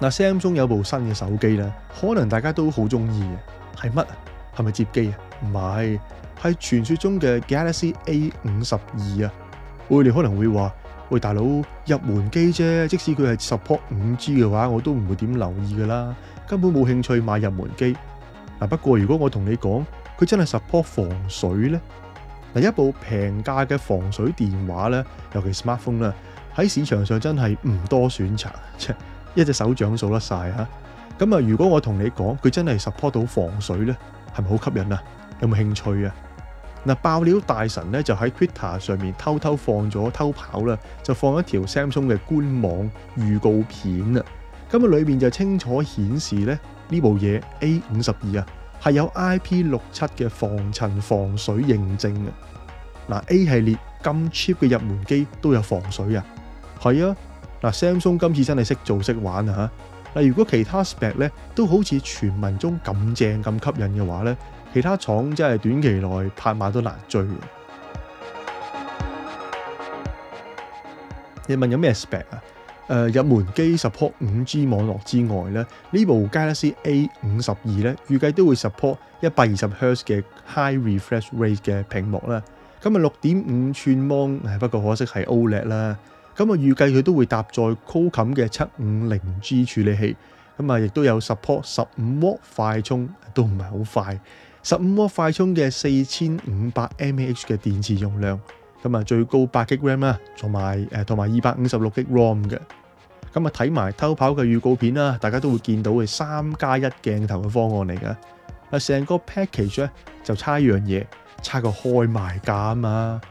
嗱 Samsung 有部新嘅手機咧，可能大家都好中意嘅，係乜啊？係咪接機啊？唔係，係傳説中嘅 Galaxy A 五十二啊！我哋可能會話：喂，大佬入門機啫，即使佢係 support 五 G 嘅話，我都唔會點留意噶啦，根本冇興趣買入門機。嗱，不過如果我同你講，佢真係 support 防水咧，嗱一部平價嘅防水電話咧，尤其 smartphone 咧，喺市場上真係唔多選擇。一隻手掌數得晒吓，咁啊！如果我同你講佢真係 support 到防水呢，係咪好吸引啊？有冇興趣啊？嗱，爆料大神呢就喺 Twitter 上面偷偷放咗偷跑啦，就放一條 Samsung 嘅官網預告片啊！咁啊，裏面就清楚顯示呢，呢部嘢 A 五十二啊，係有 IP 六七嘅防塵防水認證啊！嗱，A 系列咁 cheap 嘅入門機都有防水啊，係啊！嗱，Samsung 今次真係識做識玩啊嚇！嗱，如果其他 spec 咧都好似傳聞中咁正咁吸引嘅話咧，其他廠真係短期內拍馬都難追。你問有咩 spec 啊？誒、呃，入門機 support 五 G 網絡之外咧，部呢部 Galaxy A 五十二咧預計都會 support 一百二十赫茲嘅 High Refresh Rate 嘅屏幕啦。今日六點五寸螢，不過可惜係 OLED 啦。咁啊，預計佢都會搭載 Qualcomm 嘅七五零 G 處理器，咁啊，亦都有 support 十五 W 快充，都唔係好快。十五 W 快充嘅四千五百 mAh 嘅電池容量，咁啊，最高八 GB RAM 啊，同埋誒同埋二百五十六 GB ROM 嘅。咁啊，睇埋偷跑嘅預告片啦，大家都會見到係三加一鏡頭嘅方案嚟㗎。啊，成個 package 咧就差一樣嘢，差個開賣價啊嘛～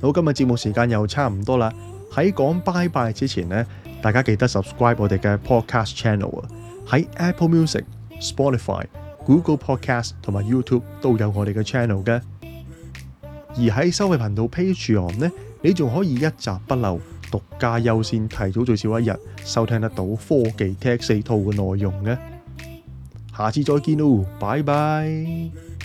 好，今日節目時間又差唔多啦。喺講「拜拜」之前呢，大家記得 subscribe 我哋嘅 podcast channel 啊。喺 Apple Music、Spotify、Google Podcast 同埋 YouTube 都有我哋嘅 channel 嘅。而喺收費頻道 Patreon 呢，你仲可以一集不漏、獨家優先、提早最少一日收聽得到科技 Tech CTO 嘅內容嘅。下次再見囉，拜拜。